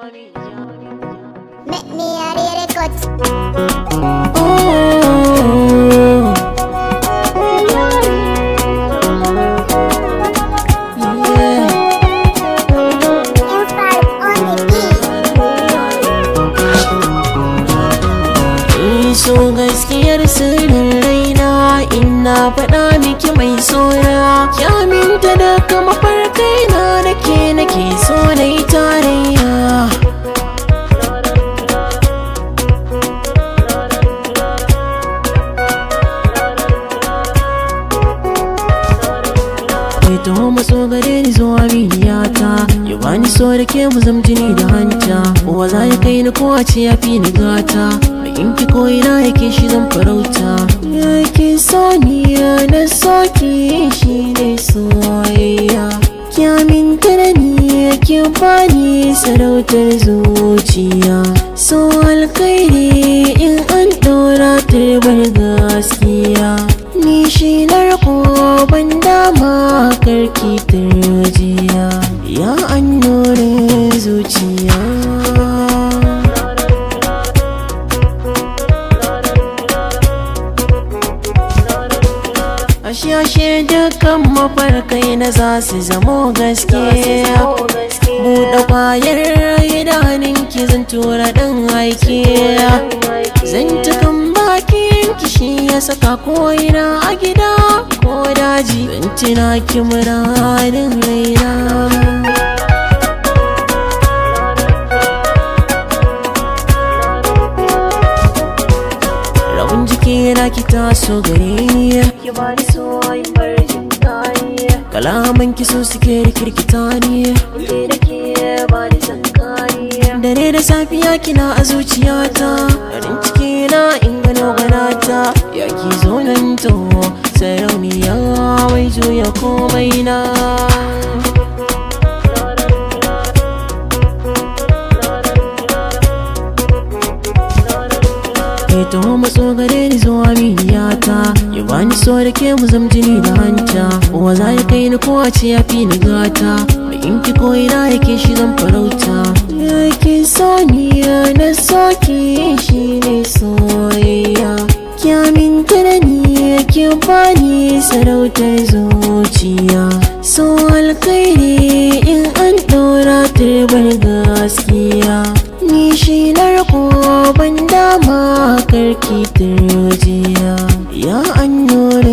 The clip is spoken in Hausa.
Meet me So gaskiyar sirrin raina ina faɗa miki mai soya, ya minta da kama na. ke taho maso gare ni zuwa miyata. ya bani so da ke mu zamjini da hanta kowa za ya kai ni ko a ce ya fi ni gata a yanki ko ina yake shi zan farauta ya ke so ni ya na so ki shi ne soyayya kya min da ni ya ki bani sarautar zuciya so alkhairi in an ɗora ga. gaskiya ni shi narko ban dama karki turjiya ya annore zuciya Ashe-ashe dukkan mafarkai na za su zamo gaske Buɗe kwayar idaninki zan tura ɗan aike saka ko'ina a gida ko daji tuna ki muradin raina raun jiki na ki taso gare ki bani soyin barjin tani kalaman ki so suke rikirkita ni da ke bani sankari dare da safiya kina a zuciyata na ya ki zo nan taho sarauniya wai juya komai na Eto matso gare ni zuwa miniyata Ya bani so da ke mu zamjini da hanta Uwa za ya kai ni ko a ce ya fi ni gata Da ki ko ina yake shi zan farauta Ya ki ya na so rani ki bani sarautar zuciya so alkhairi in an ɗora turbar gaskiya ni shi ban dama karki turjiya ya an